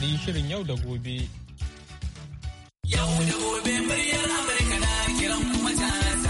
Ni shirin yau da gobe. Yau da gobe muryar Amurka na kiran kuma ta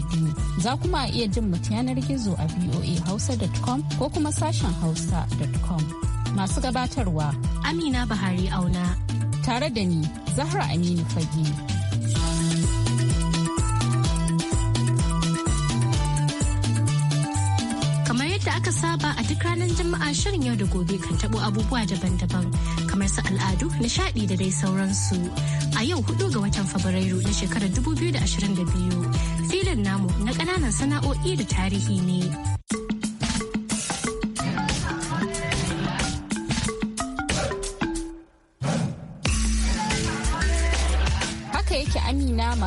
Za kuma iya jin mu yanar gizo a voahausa.com ko kuma sashen hausa.com. Masu gabatarwa Amina Bahari Auna. Tare da ni Zahra Aminu Fage. aka saba a duk ranar jama'a shirin yau da gobe kan tabo abubuwa daban-daban kamar su al'adu nishaɗi da dai sauransu a yau hudu ga watan Fabrairu na shekarar 2022. Filin namu na kananan sana'o'i da tarihi ne.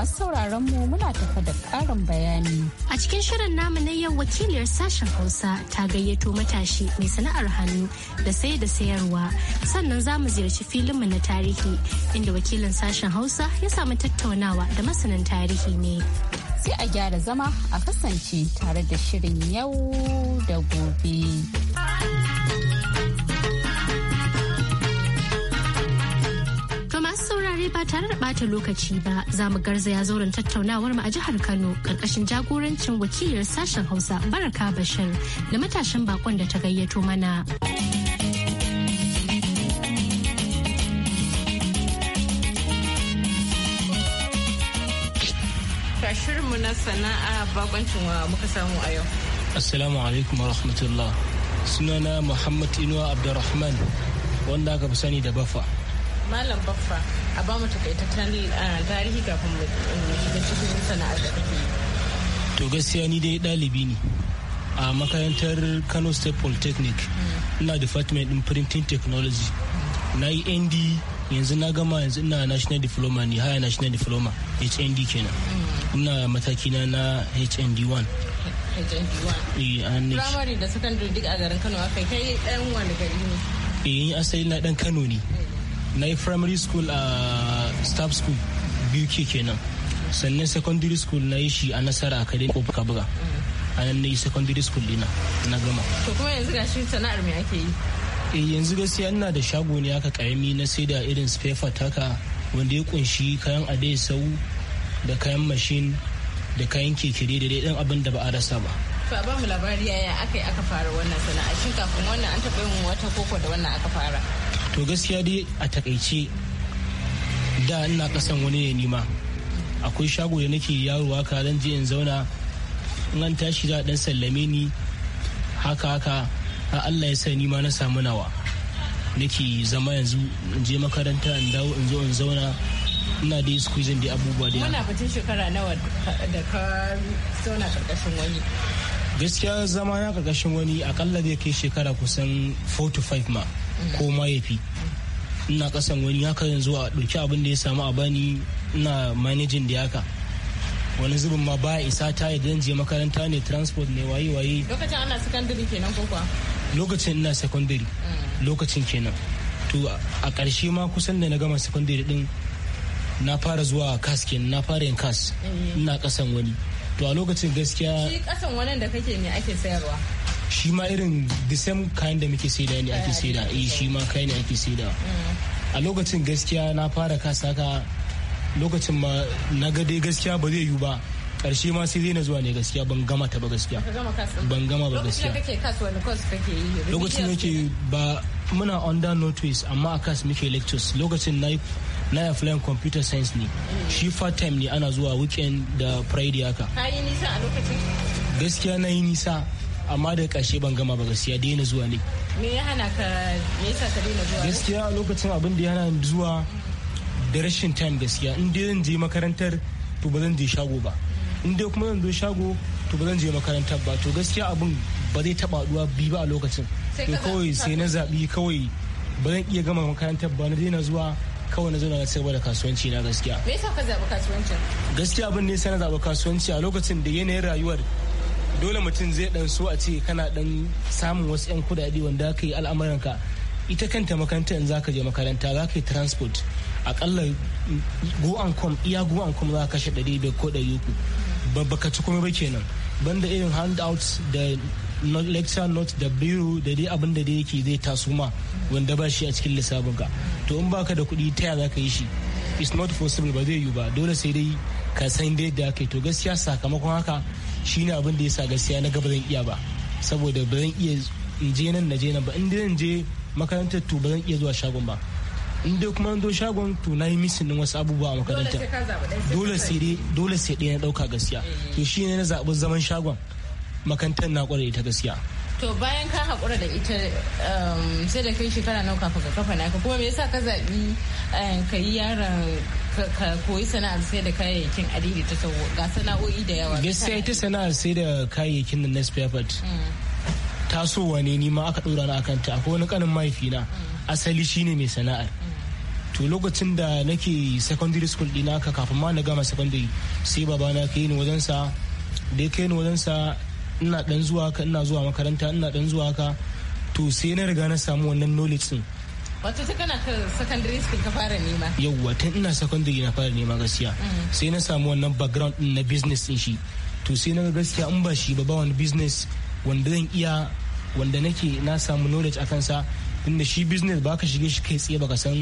masu sauraron mu muna tafa da ƙarin bayani. A cikin shirin namu na yau wakiliyar sashen Hausa ta gayyato matashi mai sana'ar hannu da sai da sayarwa. Sannan za mu ziyarci mu na tarihi inda wakilin sashen Hausa ya samu tattaunawa da masanin tarihi ne. Sai a gyara zama a kasance tare da shirin yau da gobe. dare ba tare da bata lokaci ba za mu garzaya zauren tattaunawar mu a jihar Kano karkashin jagorancin wakilin sashen Hausa Baraka Bashir da matashin bakon da ta gayyato mana. shirinmu na sana'a bakoncin wa muka samu a yau. Assalamu alaikum wa rahmatullah. Sunana Muhammad Inuwa Abdulrahman wanda aka fi sani da Bafa. Malam Baffa a ba mu takaitaccen eh, tarihi kafin eh, mu shiga cikin sana'ar da kake To gaskiya ni dai ɗalibi ne a makarantar Kano State Polytechnic mm. ina department in printing technology na yi ND yanzu na gama yanzu ina national diploma ne haya national diploma HND kenan mm. ina mataki na na HND1 HND1 eh, primary da secondary duk a garin Kano akai kai dan wani gari ne eh asali na ɗan Kano ne mm. na yi primary school a staff school biyu ke kenan sannan secondary school na yi shi a nasara academy ko kabuga a nan na yi secondary school dina na gama to kuma yanzu ga shi sana'ar me ake yi eh yanzu gaskiya ina da shago ne aka karami na sai da irin spefa taka wanda ya kunshi kayan adai sau da kayan mashin da kayan kekere da dai abin da ba a rasa ba to ba mu labari yaya aka yi aka fara wannan sana'a shin kafin wannan an taɓa yin wata koko da wannan aka fara to gaskiya dai a takaice da ina kasan wani ya nima akwai shago da nake yarowa ka zan je in zauna in an tashi za dan sallame ni haka haka a Allah ya sa ni ma na samu nawa nake zama yanzu in je makaranta in dawo in zo in zauna ina dai squeezing da abubuwa da wannan batun shekara nawa da ka zauna karkashin wani gaskiya zama na karkashin wani akalla zai kai shekara kusan 4 to 5 ma ko ma ya fi ina kasan wani haka yanzu a ɗauki abin da ya samu a bani ina managing da haka wani zubin ma ba isa ta yi je makaranta ne transport ne waye waye lokacin ana secondary kenan ko kuwa lokacin ina secondary mm. lokacin kenan to a ƙarshe ma kusan da na gama secondary din na fara zuwa kas kenan na fara yin kas eh. ina kasan wani to a lokacin gaskiya shi kasan wani da kake ne ake sayarwa shi ma irin the same kind da muke saida ne ake saida eh shi ma kai ne ake saida a lokacin gaskiya na fara kasa ka lokacin ma na ga dai gaskiya ba zai yiwu ba karshe ma sai na zuwa ne gaskiya ban gama ta ba gaskiya ban gama ba gaskiya lokacin yake ba muna under notice amma a kas muke lectures lokacin na na applying computer science ne shi part time ne ana zuwa weekend da friday haka ka yi nisa a lokacin gaskiya na yi nisa amma daga ƙarshe ban gama ba gaskiya daina zuwa ne me ya hana ka me yasa ka daina zuwa gaskiya a lokacin abin da ya hana zuwa da rashin time gaskiya in dai zan je makarantar to ba zan je shago ba in dai kuma zan zo shago to ba zan je makarantar ba to gaskiya abin ba zai taba duwa bi ba a lokacin Sai kawai sai na zabi kawai ba zan iya gama makarantar ba na daina zuwa kawai na zauna na cigaba da kasuwanci na gaskiya. Me yasa ka zaɓi kasuwancin? Gaskiya abin ne sai na zaɓi kasuwanci a lokacin da yanayin rayuwar dole mutum zai dan so a ce kana dan samun wasu 'yan kudade wanda ka yi al'amuranka ita kanta makaranta in zaka je makaranta za ka yi transport akalla go and come iya go and come za ka kashe da ko uku babba ka ci kuma ba kenan banda irin handouts da lecture note da biyu da dai abin da dai yake zai taso ma wanda ba shi a cikin lissafin ka to in baka da kuɗi ta za ka yi shi it's not possible ba zai yi ba dole sai dai ka san dai da kai to gaskiya sakamakon haka shine abin da yasa gaskiya na gaba zan iya ba saboda ba zan iya je nan na je nan ba in dai je makarantar to ba zan iya zuwa shagon ba in dai kuma zo shagon to na yi misin din wasu abubuwa a makarantar dole sai dai dole sai dai na dauka gaskiya to eh. shine na zaɓi zaman shagon makarantar na kware ta gaskiya to bayan ka haƙura da ita um, sai da kai shekara nawa kafin ka kafa ka kuma me yasa ka zaɓi um, ka yi yaron ka koyi sana'ar sai da kayayyakin adidi ta sauwa ga sana'o'i da yawa gaskiya ita sana'ar sai da kayayyakin da na spare Ta mm. tasowa ne ni aka dora na akanta akwai wani kanin mahaifina mm. asali shine mai sana'ar mm. to lokacin da nake secondary school dina ka kafin ma na gama secondary sai babana ka yi ni wajen sa da ya yi ni wajen sa ina dan zuwa ka ina zuwa makaranta ina dan zuwa ka to sai na riga na samu wannan knowledge din wato tun kana secondary school ka fara nema yawwa tun ina secondary na fara nema gaskiya mm-hmm. sai na samu wannan background din na business din shi to sai na gaskiya in ba shi ba ba wani business wanda zan iya wanda nake na samu knowledge akan sa tunda shi business ba ka shige shi kai tsaye ka san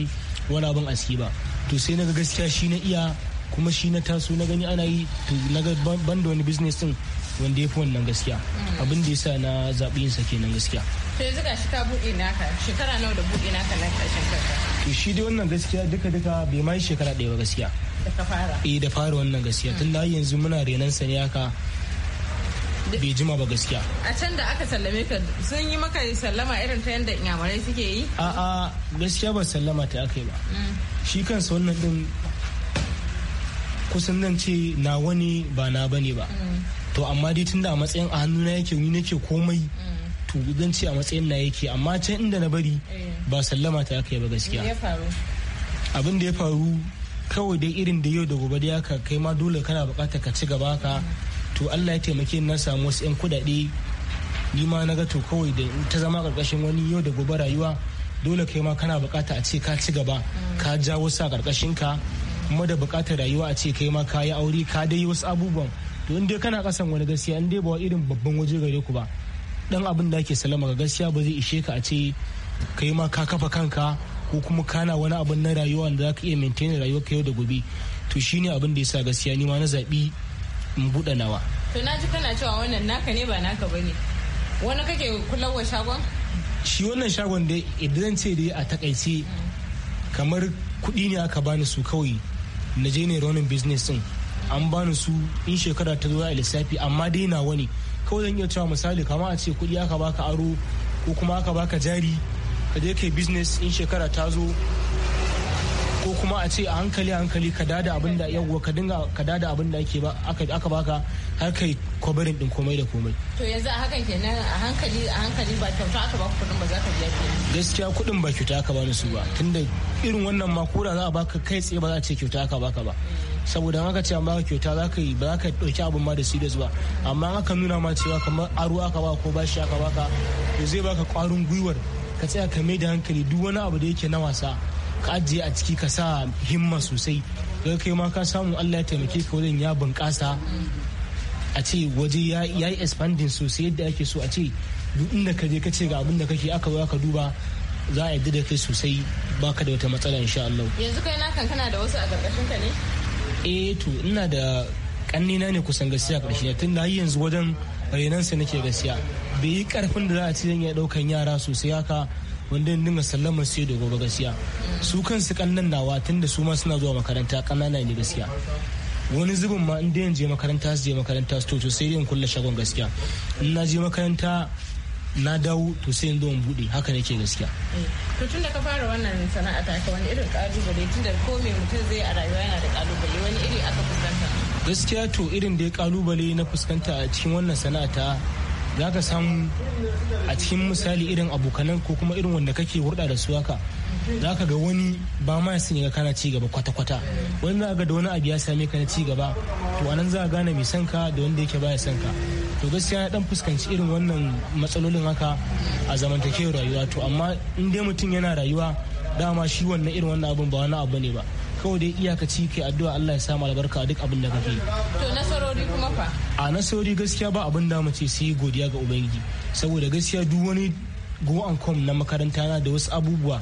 wani abin aski ba to sai na gaskiya shi na iya kuma shi na taso na gani ana yi to na ga ban wani business din wanda ya fi wannan gaskiya abin da ya sa na zaɓi yin sa kenan gaskiya to yanzu ga shika ka buɗe naka shekara nawa da buɗe naka na ƙarshen kanka to shi dai wannan gaskiya duka duka bai ma yi shekara ɗaya ba gaskiya da ka fara eh da fara wannan gaskiya mm. tun da yanzu muna renon sa ne haka bai jima ba gaskiya. A can da aka sallame ka sun yi maka sallama irin ta yadda inyamurai suke yi? A'a gaskiya ba sallama ta aka yi ba. Mm. Shi kansa wannan din kusan nan ce na wani ba na bane ba. Mm. to amma dai tunda a matsayin a hannuna yake ni nake komai to zan ce a matsayin na yake amma can inda na bari eh. ba sallama ta aka yi ba gaskiya abin da ya faru kawai dai irin da yau da gobe da ka kai ma dole kana bukata ka ci gaba ka to Allah ya taimake ni na samu wasu yan kudade ni ma na ga to kawai da ta zama karkashin wani yau da gobe rayuwa dole kai ma kana bukata a ce ka ci gaba mm. ka ja wasu a karkashin ka kuma da bukatar rayuwa a ce kai ma ka yi aure ka dai wasu abubuwan to in dai kana kasan wani gaskiya in dai ba irin babban waje gare ku ba dan abin da ake salama ga gaskiya ba zai ishe ka a ce kai ma ka kafa kanka ko kuma kana wani abin na rayuwa da zaka iya maintain rayuwar ka yau da gobe to shine abin da yasa gaskiya ni ma na zabi in buɗe nawa to na ji kana cewa wannan naka ne ba naka bane wani kake kullawa shagon shi wannan shagon dai idan ce dai a takaice kamar kuɗi ne aka bani su kawai na je ne ronin business din an bani su in shekara ta zo a lissafi amma dai na wani kawai zan iya cewa misali kama a ce kuɗi aka baka aro ko kuma aka baka jari ka je kai business in shekara ta zo ko kuma a ce a hankali hankali ka dada abin da yawwa ka dinga ka dada abin da ake aka baka har kai kwabarin din komai da komai to yanzu a hakan kenan a hankali a hankali ba kyauta aka baka kudin ba za ka biya kenan gaskiya kudin ba kyauta aka bani su ba tunda irin wannan makura za a baka kai tsaye ba za a ce kyauta aka baka ba saboda haka ce an baka kyauta za ka yi ba za ka ɗauki abin ma da serious ba amma aka nuna ma cewa kamar aro aka ba ko bashi aka baka to zai baka ƙwarin gwiwar ka tsaya ka mai da hankali duk wani abu da yake na wasa ka ajiye a ciki ka sa himma sosai ga kai ma ka samu Allah ya taimake ka wajen ya bunƙasa a ce waje ya yi expanding sosai yadda ake so a ce duk inda ka je ka ce ga abin da kake aka ka duba za a yadda da kai sosai baka da wata matsala insha Allah yanzu kai na kankana da wasu a ƙarƙashin ka ne eh to ina da kannina ne kusan gaskiya karshe tun da yanzu wajen renansa nake gaskiya bai yi karfin da za a ci zan iya daukan yara sosai haka wanda dinga sallamar sai da gobe gaskiya su kansu kannan nawa tun da su ma suna zuwa makaranta kanana ne gaskiya wani zubin ma inda yin je makaranta su je makaranta su to sai dai kulle shagon gaskiya ina je makaranta na dawo to sai in zo in bude haka nake gaskiya eh, to tun da ka fara wannan sana'a ta ka wani irin kalubale tun da ko me mutum zai a rayuwa yana da kalubale wani iri aka fuskanta gaskiya to irin da ya kalubale na fuskanta a cikin wannan sana'a ta za ka samu a cikin misali irin abokanan ko kuma irin wanda kake hurɗa da su haka za ka ga wani ba ma sun ga kana ci gaba kwata-kwata wani za ga da wani abu ya same ka na ci gaba to anan za a gane mai sanka da wanda yake baya sanka to gaskiya ya dan fuskanci irin wannan matsalolin haka a zamantakewar rayuwa to amma in dai mutum yana rayuwa dama shi wannan irin wannan abun ba wani abu ne ba kawai dai iyakaci ke addu'a Allah ya samu albarka a duk abin da kake to nasarori kuma fa a nasarori gaskiya ba abin da mace sai godiya ga ubangiji saboda gaskiya duk wani go and come na makaranta na da wasu abubuwa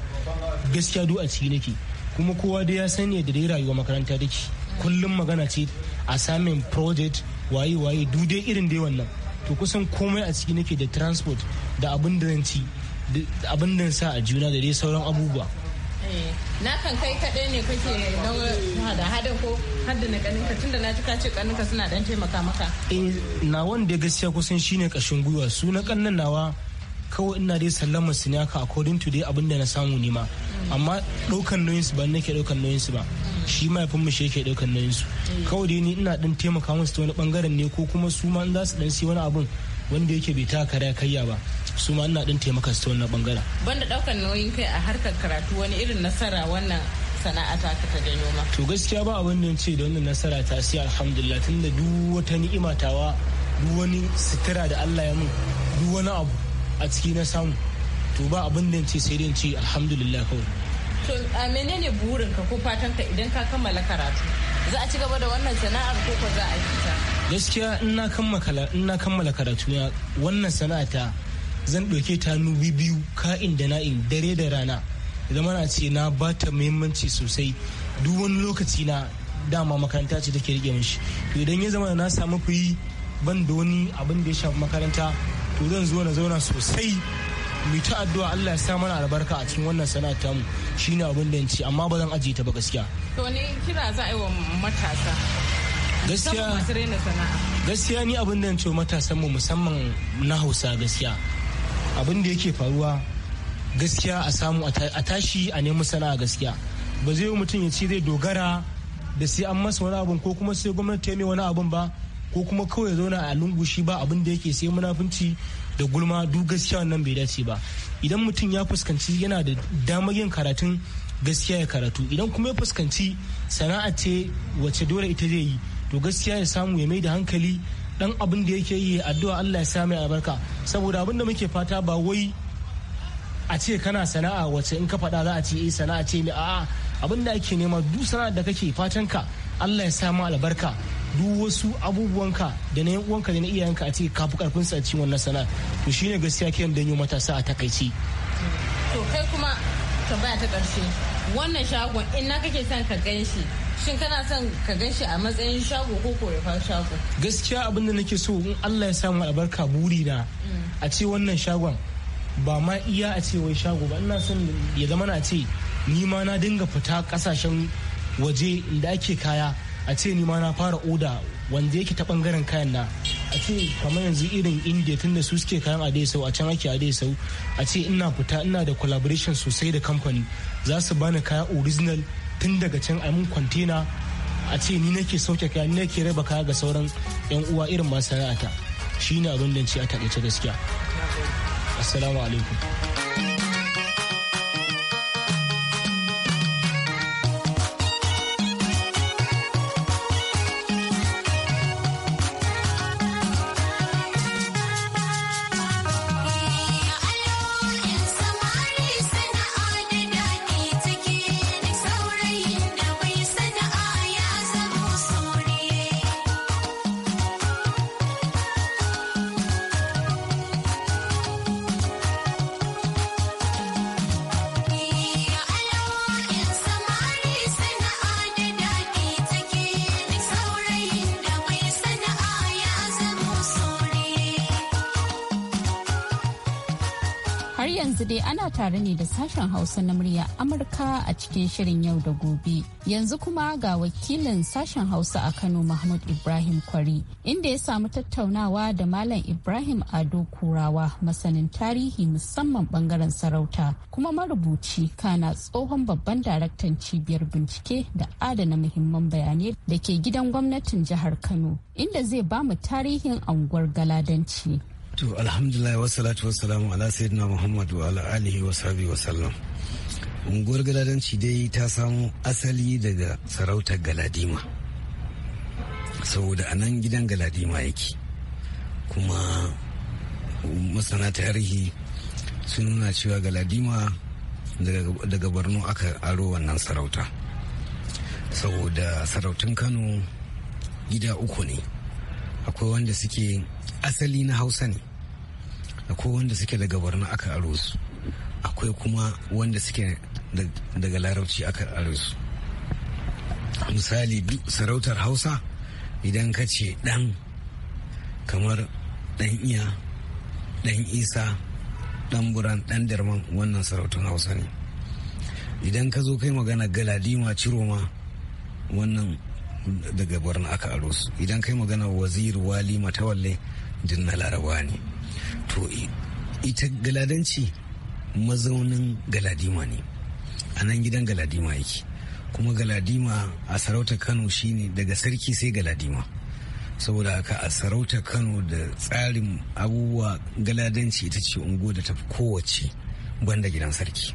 gaskiya duk a ciki nake kuma kowa dai ya sani da dai rayuwa makaranta take kullum magana ce a samin project waye waye dude irin dai wannan to kusan komai a ciki nake da transport da abin da ci abin da sa a juna da dai sauran abubuwa eh, na kan kai kaɗai ne kake da hada ko hada na kaninka tunda na ji kace kaninka suna dan taimaka maka eh na wanda gaskiya kusan shine kashin gwiwa su na kannan nawa kawai ina dai sallama su ne haka according to dai abinda na samu ne ma amma ɗaukan nauyin su ba ke ɗaukan nauyin su ba shi mahaifin mu shi yake ɗaukan nauyin su kawai dai ni ina ɗan taimaka musu ta wani bangaren ne ko kuma su ma za su ɗan siya wani abun wanda yake bai taka kare kayya ba su ma ina ɗan taimaka su ta wani bangaren. banda ɗaukan nauyin kai a harkar karatu wani irin nasara wannan sana'a ta ta To gaskiya ba abin da ce da wannan nasara ta sai alhamdulillah tunda duk wata ni'ima tawa duk wani sutura da Allah ya mun duk wani abu a ciki na samu to ba abin da ce sai dai ce alhamdulillah kawai to a menene burinka ko fatanka idan ka kammala karatu za a ci gaba da wannan sana'ar ko ko za a yi ta gaskiya in na kammala in na kammala karatu na wannan sana'ata zan ɗauke ta nubi biyu ka'in da na'in dare da rana zama na ce na ba ta muhimmanci sosai duk wani lokaci na dama makaranta ce take rike mishi to idan ya zama na samu kuyi ban da wani abin da ya shafi makaranta to zan zo na zauna sosai mu ta addu'a Allah ya sa mana albarka a cikin wannan sana'a ta mu shine abin da ci amma ba zan ajiye ta ba gaskiya to ne kira za a yi wa matasa gaskiya gaskiya ni abin da ce matasan mu musamman na Hausa gaskiya abin da yake faruwa gaskiya a samu a tashi a nemi sana'a gaskiya ba zai mutum ya ce zai dogara da sai an masa wani abun ko kuma sai gwamnati ta yi wani abun ba ko kuma kawai ya zauna a lungu ba abin da yake sai munafunci da gulma duk gaskiya wannan bai dace ba idan mutum ya fuskanci yana da damar yin karatun gaskiya ya karatu idan kuma ya fuskanci sana'a ce wacce dole ita zai yi to gaskiya ya samu ya mai da hankali dan abin da yake yi addu'a Allah ya sa mai albarka saboda abin da muke fata ba wai a ce kana sana'a wacce in ka faɗa za a ce eh sana'a ce mai a'a abin da ake nema duk sana'a da kake fatan ka Allah ya sa mu albarka duk wasu abubuwanka da na uwanka da na iyayenka a cikin kafin karfin su a cikin wannan sana'a to shine gaskiya kiran danyo matasa a takaici to kai kuma tambaya ta karshe wannan shagon in na kake son ka gan shi shin kana son ka gan shi a matsayin shago ko korafar shago gaskiya abin da nake so in Allah ya samu albarka buri na a ce wannan shagon ba ma iya a ce wai shago ba ina son ya zama na ce ni ma na dinga fita kasashen waje da ake kaya a ce ni ma na fara oda wanda yake ta bangaren kayan na a ce kamar yanzu irin india tun da su suke kayan adesau a can ake adesau a ce ina fita ina da collaboration sosai da kamfani za su bani kaya original tun daga can a kwantena a ce ni nake sauke kaya ni nake raba kaya ga sauran yan uwa irin masana'ata shine abin da ce a taƙaice gaskiya assalamu alaikum yanzu dai ana tare ne da sashen Hausa na murya Amurka a cikin shirin yau da gobe. Yanzu kuma ga wakilin sashen Hausa a Kano Mahmud Ibrahim Kwari inda ya samu tattaunawa da Malam Ibrahim Ado Kurawa masanin tarihi musamman bangaren sarauta kuma marubuci kana tsohon babban daraktan cibiyar bincike da adana muhimman bayanai da ke gidan gwamnatin jihar Kano inda zai ba mu tarihin anguwar Galadanci. To alhamdulillah wa salamu ala sayyidina Muhammad wa ala alihi wa sahbihi wa sallam. Unguwar galadanci dai ta samo asali daga sarautar galadima. Saboda a nan gidan galadima yake. Kuma masana tarihi sun nuna cewa galadima daga barno aka aro wannan sarauta. Saboda sarautun Kano gida uku ne. Akwai wanda suke asali na Hausa ne. akwai wanda suke daga borno aka aro su akwai kuma wanda suke daga larabci aka aro su misali sarautar hausa idan ka ce dan kamar dan iya dan isa dan buran dan darman wannan sarautar hausa ne idan ka zo kai magana galadima ciroma wannan daga borno aka aro su idan kai magana wazir wali matawalle din na laraba ne to ita galadanci mazaunin galadima ne a nan gidan galadima yake kuma galadima a sarauta kano shine daga sarki sai galadima saboda haka a sarauta kano da tsarin abubuwa galadanci ita ce ungo da tafi kowace banda gidan sarki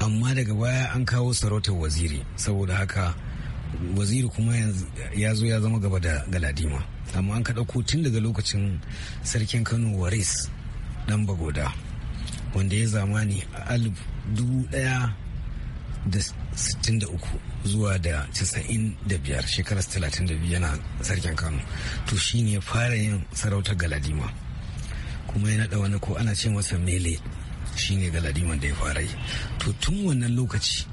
amma daga baya an kawo sarautar waziri saboda haka waziri kuma ya zo ya zama gaba da galadima amma an ka ɗauko tun daga lokacin sarkin kano waris ɗan bagoda wanda ya zamani alif dubu ɗaya da sittin da uku zuwa da casa'in da biyar shekarar talatin da biyu yana sarkin kano to shi ya fara yin sarautar galadima kuma ya naɗa wani ko ana ce masa mele shine ne galadiman da ya fara yi to tun wannan lokaci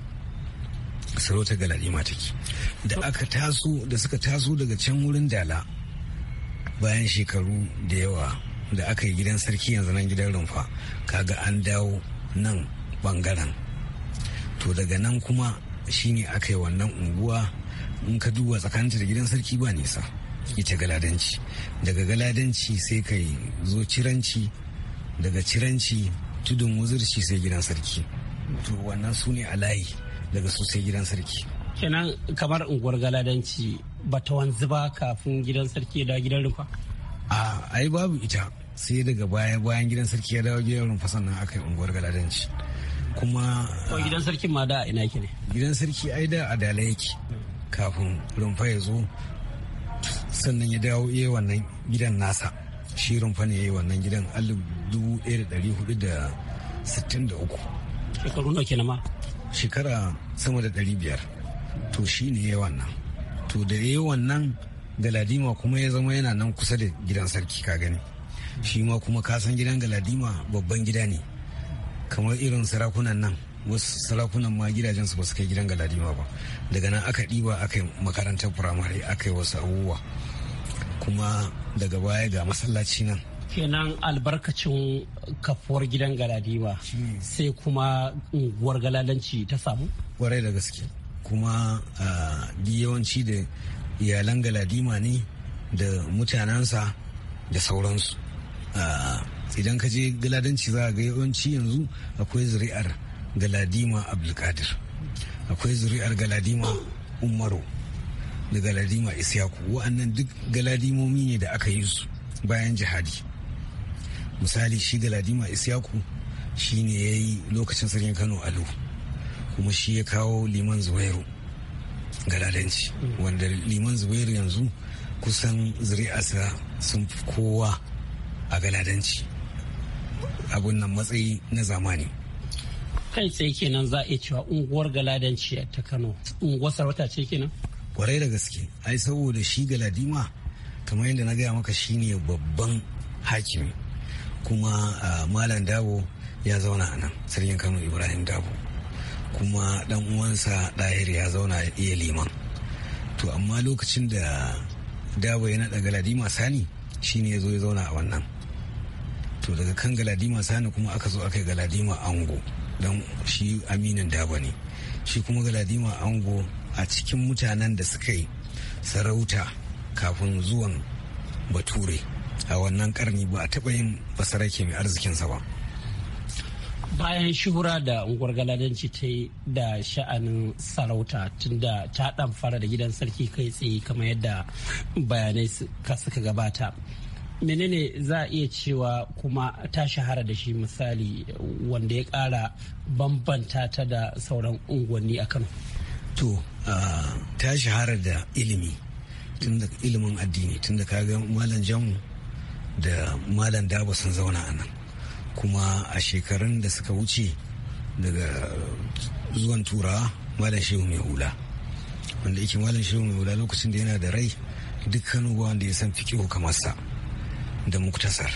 sarautar galadima take da aka taso da suka taso daga can wurin dala bayan shekaru da yawa da aka yi gidan sarki yanzu nan gidan rumfa kaga an dawo nan bangaren to daga nan kuma shine aka yi wannan unguwa in ka duba tsakaninta da gidan sarki ba nisa ita galadanci daga galadanci sai ka zo ciranci daga ciranci tudun wuzurci sai gidan sarki to wannan su ne a layi daga sosai gidan sarki kenan kamar unguwar galadanci ba ta wanzu ba kafin gidan sarki da gidan rufa a ai babu ita sai daga baya bayan gidan sarki ya dawo gidan rumfa sannan aka yi unguwar galadanci kuma ko gidan sarki ma da ina yake ne gidan sarki ai da adala yake kafin rumfa ya zo sannan ya dawo iya wannan gidan nasa shi rumfa ne ya yi wannan gidan alif dubu ɗaya da ɗari hudu da sittin da uku shekaru nawa kenan ma shekara sama da ɗari biyar to shi ne ya wannan to da ya wannan galadima kuma ya zama yana nan kusa da gidan sarki ka gani shi ma kuma kasan gidan galadima babban gida ne kamar irin sarakunan nan wasu sarakunan ma gidajen su ba su kai gidan galadima ba daga nan aka ɗiba aka yi makarantar firamare aka yi wasu abubuwa kuma daga baya ga masallaci nan kenan albarkacin kafuwar gidan galadima sai kuma unguwar galadanci ta samu kwarai da gaske kuma yawanci da iyalan galadima ne da mutanensa da sauransu idan ka je galadanci za a ga yawanci yanzu akwai zuri'ar galadima abdulkadir akwai zuri'ar galadima umaru da galadima isyaku wa'annan duk galadimomi ne da aka yi su bayan jihadi misali shi galadima isyaku shi ne ya yi lokacin sarkin kano alo kuma shi ya kawo liman zubairu galadanci wanda liman zubairu yanzu kusan zuri'asa sun fi kowa a galadanci abun nan matsayi na zamani kai tsaye kenan za a iya cewa unguwar galadanci ta kano unguwar sarauta ce kenan kwarai da gaske ai saboda shi galadima kamar yadda na gaya maka shine babban hakimi kuma malam dabo ya zauna a nan sarkin kano ibrahim dabo kuma dan uwansa dahir ya zauna iya liman to amma lokacin da dabo ya naɗa galadima sani shine ya zo ya zauna a wannan to daga kan galadima sani kuma aka zo aka yi galadima ango don shi aminin dabo ne shi kuma galadima ango a cikin mutanen da suka yi sarauta kafin zuwan bature a wannan karni ba a taɓa yin basarake mai arzikinsa ba bayan shuhura da unguwar galadanci ta yi da sha'anin sarauta tunda ta dan fara da gidan sarki kai tsaye kamar yadda bayanai ka suka gabata menene za a iya cewa kuma ta shahara da shi misali wanda ya kara bambanta ta da sauran unguwanni a kano to ta shahara da ilimi tunda ilimin addini tunda kaga malam jamu da malam dabo sun zauna a nan kuma a shekarun da suka wuce daga zuwan turawa malam shehu mai hula wanda yake malam shehu mai hula lokacin da yana da rai dukkan wanda ya san fikihu kamar sa da muktasar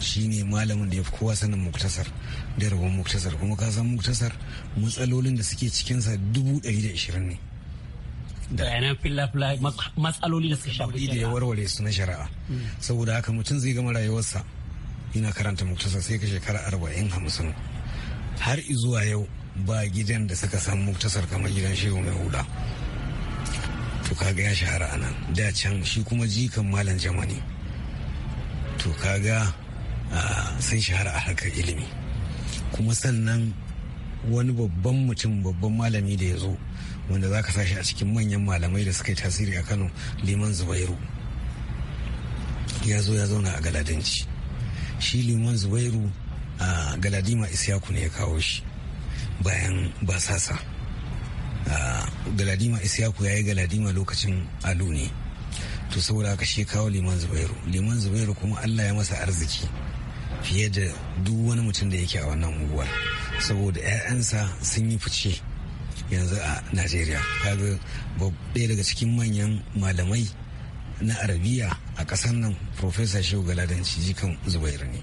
shi ne malamin da ya fi kowa sanin muktasar da rabon muktasar kuma ka san muktasar matsalolin da suke cikinsa dubu ɗari da ashirin ne da yana matsaloli da suka shafi da ya warware su na shari'a hmm. saboda haka mutum zai gama rayuwarsa ina karanta muktasar sai ka shekara arba'in hamsin har zuwa yau ba gidan da suka san muktasar kamar gidan shehu mai hula to kaga ya shahara a nan da can shi kuma jikan malam jamani to kaga sai shahara a harkar ilimi kuma sannan wani babban mutum babban malami da ya zo wanda za ka sa shi a cikin manyan malamai da suka yi tasiri a kano liman zubairu ya zo ya zauna a galadanci shi liman zubairu a galadima isyaku ne ya kawo shi bayan basasa galadima isyaku ya yi galadima lokacin alu ne to saboda haka shi kawo liman zubairu liman zubairu kuma allah ya masa arziki fiye da duk wani mutum da yake a wannan unguwar saboda 'ya'yansa sun yi fice yanzu a najeriya kaga ɗaya daga cikin manyan malamai na arabiya a ƙasar nan profesa shehu galadanci jikan zubairu ne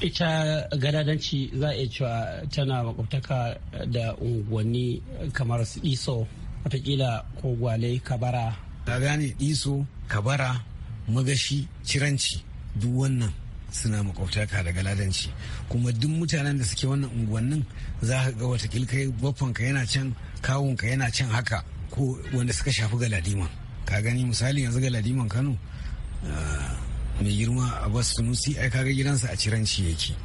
ita galadanci za a iya cewa tana makwabtaka da unguwanni kamar su iso watakila ko gwale kabara ka gane iso kabara magashi ciranci duk wannan suna makwabtaka daga ladanci kuma duk mutanen da suke wannan unguwannin za ka ga watakil kai baffanka yana can kawunka yana can haka ko wanda suka shafi galadiman ka gani misali yanzu galadiman kano ah, mai girma abbas sunusi ai kaga gidansa a ciranci yake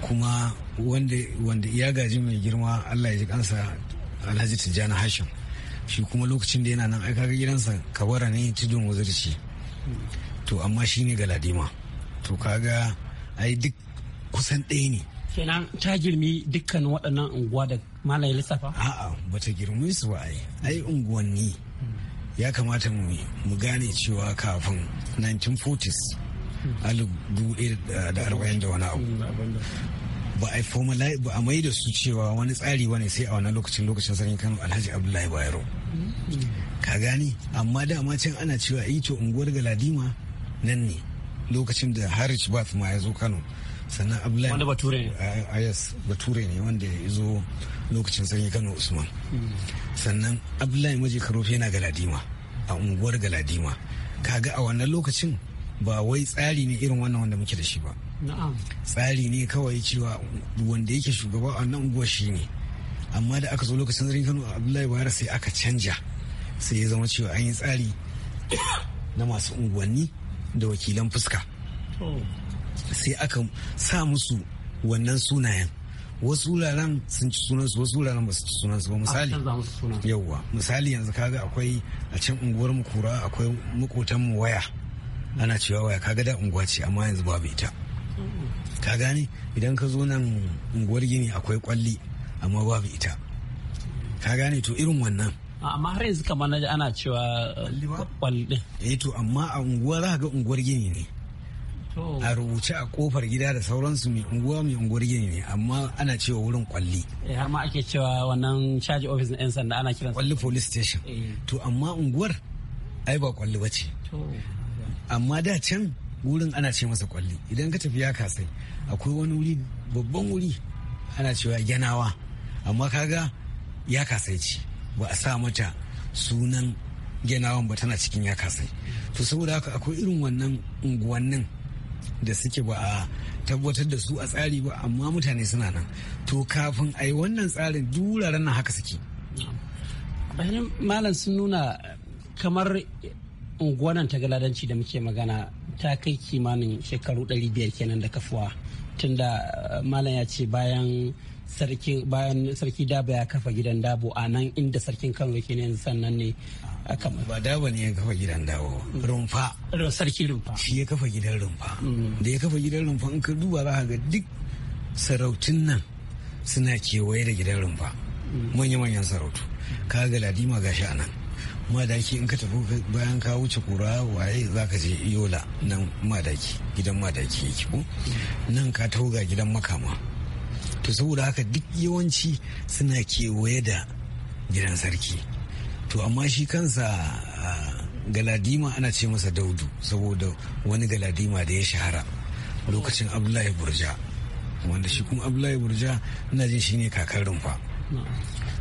kuma wanda wanda ya gaji mai girma allah ya ji kansa alhaji tijjani hashim shi kuma lokacin da yana nan ai kaga gidansa kabara ne tudun wuzurci to amma shine galadima to kaga ai duk kusan ɗaya ne kenan ta girmi dukkan waɗannan unguwa da malam ya lissafa a'a bata girmi su ba ai ai unguwanni ya kamata mu gane cewa kafin 1940s alif da arba'in da wani abu ba a mai da su cewa wani tsari wani sai a wannan lokacin lokacin sarkin kano alhaji abdullahi bayero mm-hmm. ka gani amma dama can ana cewa ito unguwar galadima nan ne lokacin da Harris Bath ma ya zo Kano sannan Abdullahi wanda Bature ne Ayas ah, ah, Bature ne wanda ya zo lokacin sanyi Kano Usman hmm. sannan Abdullahi maji karofi yana Galadima a unguwar Galadima kaga a wannan lokacin ba wai tsari ne irin wannan wanda muke da shi ba tsari ne kawai cewa wanda yake shugaba a wannan unguwar shi ne amma da aka zo lokacin zarin Kano Abdullahi Bayar sai aka canja sai ya zama cewa an yi tsari na masu unguwanni da wakilan fuska sai aka sa musu wannan sunayen wasu wuraren sun ci sunansu wasu wuraren basu ci sunansu ba misali yauwa misali yanzu kaga akwai a can unguwar mu kura akwai makotan mu waya ana cewa waya kaga da unguwa ce amma yanzu babu ita ka gane idan ka zo nan unguwar gini akwai kwalli amma babu ita ka gane to irin wannan amma har yanzu kamar na ana cewa uh, kwalli eh to amma a unguwa za ga unguwar gini ne a rubuce a kofar gida da sauransu mai unguwa mai unguwar gini ne amma ana cewa wurin kwalli eh amma ake cewa wannan caji ofis na 'yan sanda ana kiran kwalli police station eh. to amma unguwar ai ba kwalli ba ce amma da can wurin ana ce masa kwalli idan ka tafi ya kasai akwai wani wuri babban wuri ana cewa yanawa amma kaga ya kasai ce ba a sa mata sunan genawan ba tana cikin sai to saboda haka akwai irin wannan unguwannin da suke ba a tabbatar da su a tsari ba amma mutane suna nan to kafin a yi wannan tsarin duraren nan haka suke bayan malam sun nuna kamar unguwanan ta galadanci da muke magana ta kai kimanin shekaru 500 kenan da kafuwa tunda eh, malam ya ce bayan sarki bayan sarki daba ya kafa gidan dabo a nan inda sarkin kano yake ne sannan ne ba daba ne ya kafa gidan dabo rumfa sarki rumfa shi ya kafa gidan rumfa mm. da ya kafa gidan rumfa in ka duba za ga duk sarautun nan suna kewaye da gidan rumfa mm. manya-manyan sarautu ka ga ladima shi a nan madaki in ka tafi bayan ka wuce kura waye za ka je yola nan madaki gidan madaki yake ko mm. nan ka taho ga gidan makama to saboda haka duk yawanci suna kewaye da gidan sarki to amma shi kansa galadima ana ce masa daudu saboda wani galadima da ya shahara lokacin abdullahi burja wanda shi kuma abdullahi burja ina jin shi ne kakar rumfa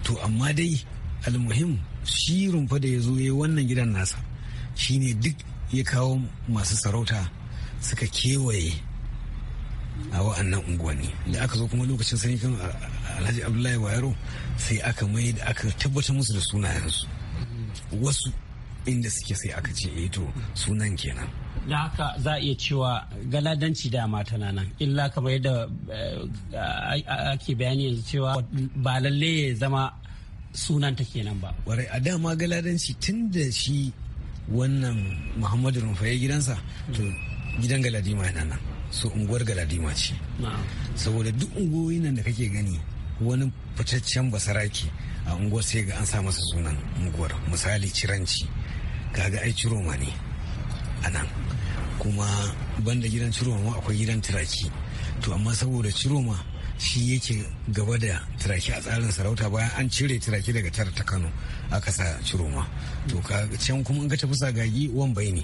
to amma dai almuhim shi rumfa da ya zo ya wannan gidan nasa shine duk ya kawo masu sarauta suka kewaye a wa'annan unguwanni da aka zo kuma lokacin sanyi kan alhaji abdullahi wayaro sai aka mai da aka tabbatar musu da sunayensu wasu inda suke sai aka ce eh to sunan kenan da haka za a iya cewa galadanci dama tana nan illa kamar yadda eh, ake bayani yanzu cewa ba lalle ya zama sunanta kenan ba warai a dama galadanci tun da shi wannan muhammadu rumfa ya gidansa to gidan galadima yana nan so unguwar galadima ce saboda duk unguwoyin nan da kake gani wani fitaccen basaraki a unguwar sai ga an sa masa sunan unguwar misali ciranci kaga ai ciroma ne a nan kuma banda gidan ciroma akwai gidan turaki to amma saboda ciroma shi yake gaba da turaki a tsarin sarauta bayan an cire turaki daga tara ta kano aka sa ciroma to can kuma in ka tafi sagagi wan bai ne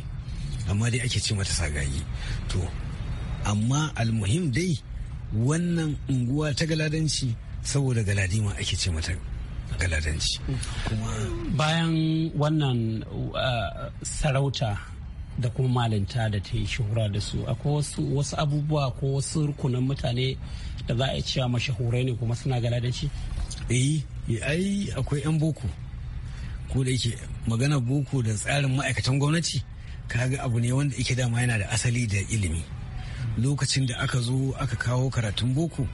amma dai ake ce mata sagagi to amma almuhim dai wannan unguwa ta galadanci saboda galadima ake ce mata galadanci kuma bayan wannan uh, sarauta da kuma malinta da ta yi shahura da su akwai wasu, wasu abubuwa ko wasu rukunan mutane da za a cewa mashahurai ne kuma suna galadanci? eh ai akwai 'yan boko ko da yake magana boko da tsarin ma'aikatan gwamnati kaga abu ne wanda ike dama yana da asali da ilimi lokacin da aka zo aka kawo karatun boko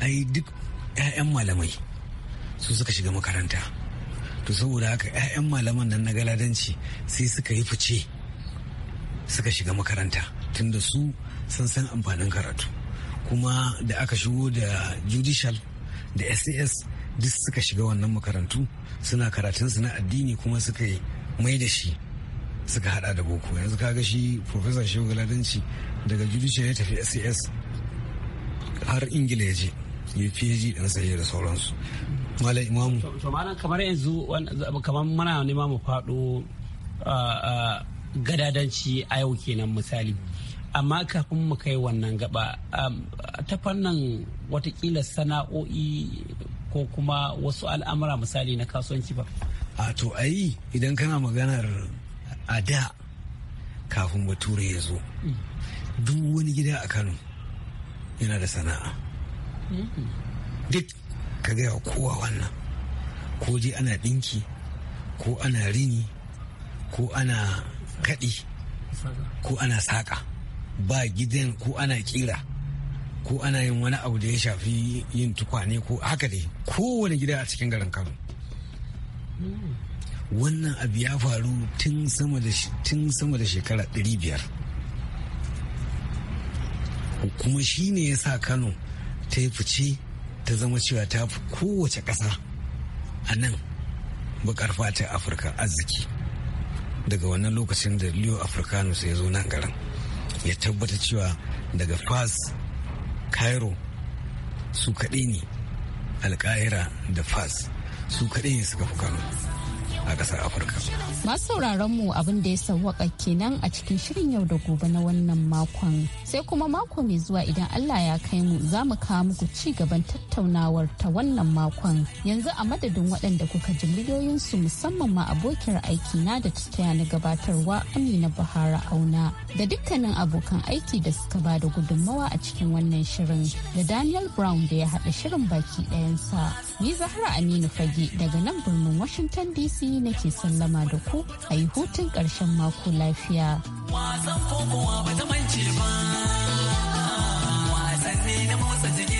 ai duk 'ya'yan malamai su suka shiga makaranta to saboda haka 'ya'yan malaman nan na galadanci sai suka yi fice suka shiga makaranta tunda su sun san amfanin karatu kuma da aka shigo da judicial da sas duk suka shiga wannan makarantu suna karatunsu na addini kuma suka yi mai da shi suka hada da boko yanzu kaga shi professor shehu galadanci daga judiciary ya tafi scs har ingila ya je ya phd dan sai da sauransu malam imamu to malam kamar yanzu kamar muna nema mu fado gadadanci a yau kenan misali amma kafin mu kai wannan gaba ta fannin watakila sana'o'i ko kuma wasu al'amura misali na kasuwanci ba a to ayi idan kana maganar a da kafin bature ya zo duk wani gida a kano yana da sana'a duk ka gaya kowa wannan ko je ana ɗinki ko ana rini ko ana kaɗi ko ana saƙa ba gidan ko ana ƙira ko ana yin wani abu da ya shafi yin tukwane ko haka dai kowane gida a cikin garin kano wannan abu ya faru tun sama da shekara 500 kuma shi ne ya sa kano ta yi fice ta zama cewa ta fi kowace ƙasa a nan bakar fatan afirka arziki daga wannan lokacin da leo africanus ya zo nan garin ya tabbata cewa daga fas cairo su kaɗai ne alkahira da fas su kaɗai ne suka fi kano a kasar afirka masu sauraron mu abin da ya sauwaka kenan a cikin shirin yau da gobe na wannan makon sai kuma mako mai zuwa idan allah ya kai mu za mu kawo muku ci gaban tattaunawar ta wannan makon yanzu a madadin waɗanda kuka ji miliyoyinsu musamman ma abokiyar aiki na da ta na gabatarwa amina bahara auna da dukkanin abokan aiki da suka ba da gudunmawa a cikin wannan shirin da daniel brown da ya haɗa shirin baki ɗayansa ni zahra aminu fage daga nan birnin washington dc Ali nake sallama da ku a yi hutun ƙarshen mako lafiya. Wasan kokowa ba ta mance ba, ne na motsa jiki.